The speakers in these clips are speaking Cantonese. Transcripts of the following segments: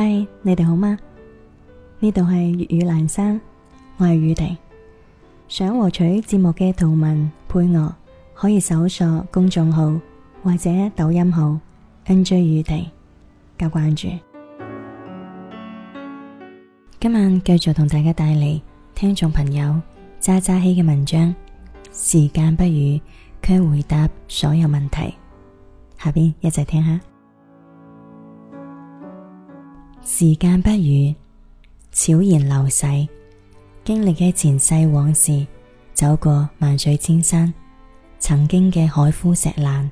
嗨，Hi, 你哋好嗎？呢度係粵語闌珊，我係宇婷。想獲取節目嘅圖文配樂，可以搜索公眾號或者抖音號 NJ 宇婷加關注。今晚繼續同大家帶嚟聽眾朋友渣渣希嘅文章，時間不語，卻回答所有問題。下邊一齊聽一下。時間不語，悄然流逝。經歷嘅前塵往事，走過萬水千山，曾經嘅海枯石爛，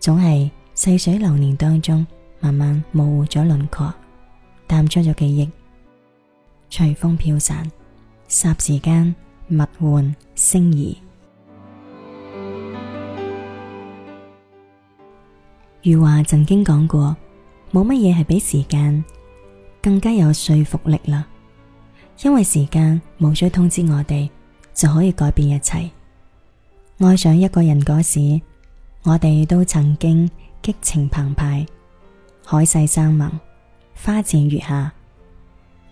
總係逝水流年當中慢慢模糊咗輪廓，淡出咗記憶，隨風飄散。霎時間，物換星移。余華曾經講過，冇乜嘢係比時間。更加有說服力啦，因為時間無需通知我哋就可以改變一切。愛上一個人嗰時，我哋都曾經激情澎湃，海誓山盟，花前月下。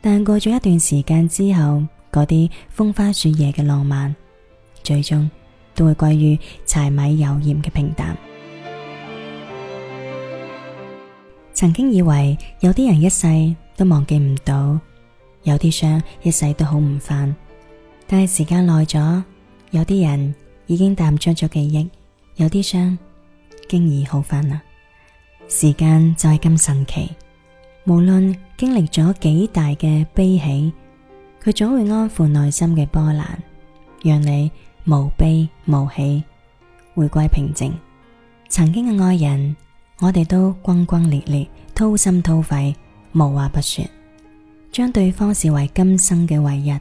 但過咗一段時間之後，嗰啲風花雪夜嘅浪漫，最終都會歸於柴米油鹽嘅平淡。曾經以為有啲人一世。都忘記唔到，有啲傷一世都好唔翻。但係時間耐咗，有啲人已經淡出咗記憶，有啲傷經已好翻啦。時間就係咁神奇，無論經歷咗幾大嘅悲喜，佢總會安撫內心嘅波瀾，讓你無悲無喜，回歸平靜。曾經嘅愛人，我哋都轟轟烈烈，掏心掏肺。無話不說，將對方視為今生嘅唯一，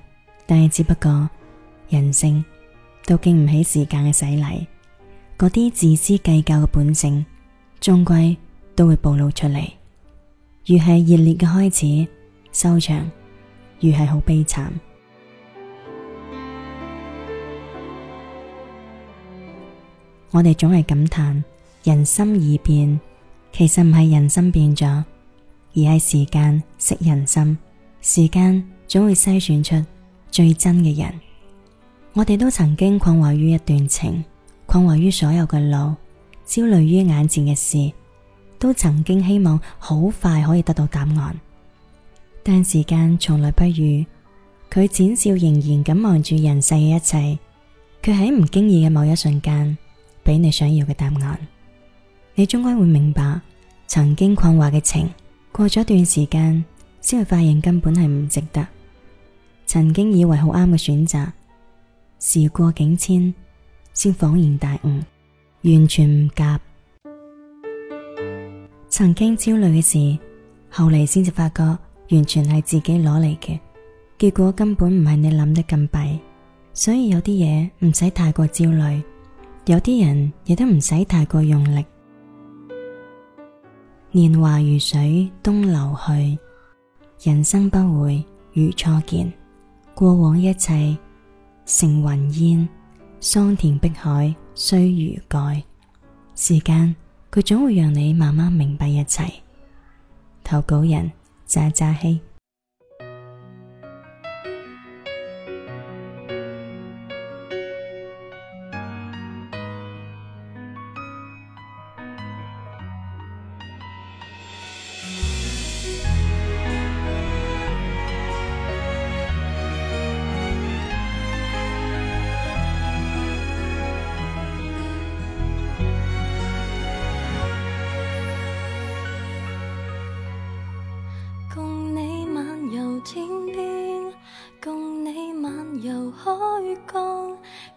但係只不過人性都經唔起時間嘅洗禮，嗰啲自私計較嘅本性，終歸都會暴露出嚟。越係熱烈嘅開始，收場越係好悲慘。 我哋總係感嘆人心易變，其實唔係人心變咗。而係時間識人心，時間總會篩選出最真嘅人。我哋都曾經困惑於一段情，困惑於所有嘅路，焦慮於眼前嘅事，都曾經希望好快可以得到答案。但時間從來不語，佢淺笑盈然咁望住人世嘅一切，佢喺唔經意嘅某一瞬間，俾你想要嘅答案。你終歸會明白，曾經困惑嘅情，過咗段時間，先會發現根本係唔值得。曾經以為好啱嘅選擇，時過境遷，先恍然大悟，完全唔夾。曾經焦慮嘅事，後嚟先至發覺，完全係自己攞嚟嘅。結果根本唔係你諗得咁弊，所以有啲嘢唔使太過焦慮，有啲人亦都唔使太過用力。年華如水東流去，人生不會如初見。過往一切成雲煙，桑田碧海須臾改。時間佢總會讓你慢慢明白一切。投稿人渣渣希。喳喳海角，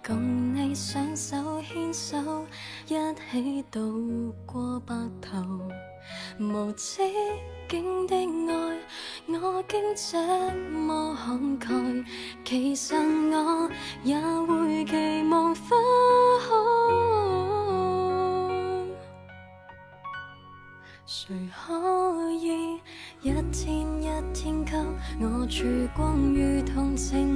共你雙手牽手，一起渡過白頭。無止境的愛，我竟這麼慷慨。其實我也會期望花開。誰可以一天一天給我曙光與同情？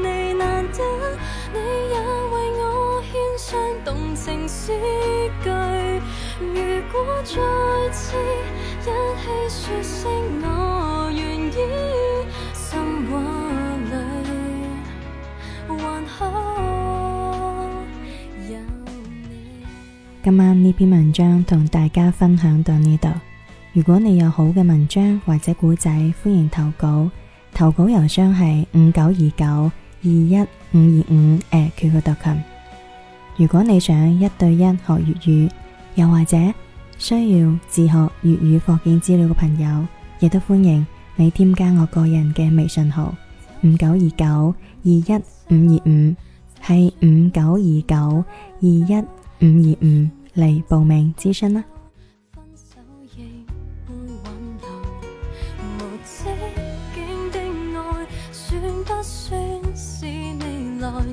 今晚呢篇文章同大家分享到呢度。如果你有好嘅文章或者故仔，歡迎投稿。投稿郵箱係五九二九二一五二五。誒，QQ 特勤。如果你想一對一學粵語，又或者……需要自學粵語課件資料嘅朋友，亦都歡迎你添加我個人嘅微信號五九二九二一五二五，係五九二九二一五二五嚟報名諮詢啦。分手亦會挽留，無止境的愛，算不算是未來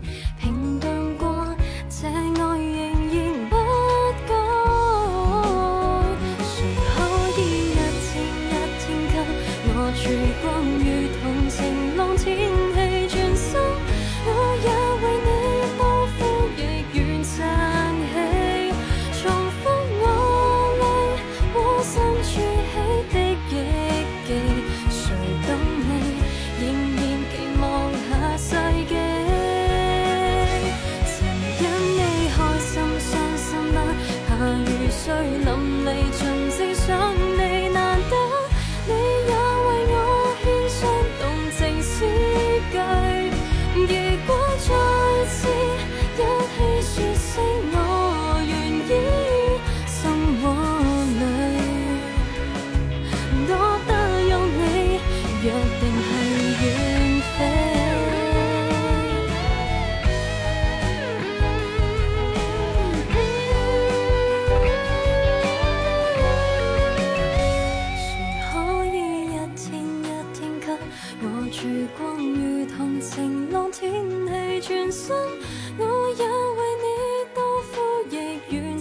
我我你多呼，亦願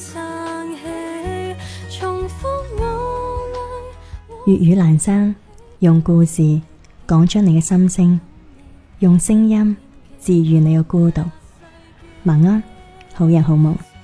重粵語闌珊，用故事講出你嘅心聲，用聲音治愈你嘅孤獨。晚安，好人好夢。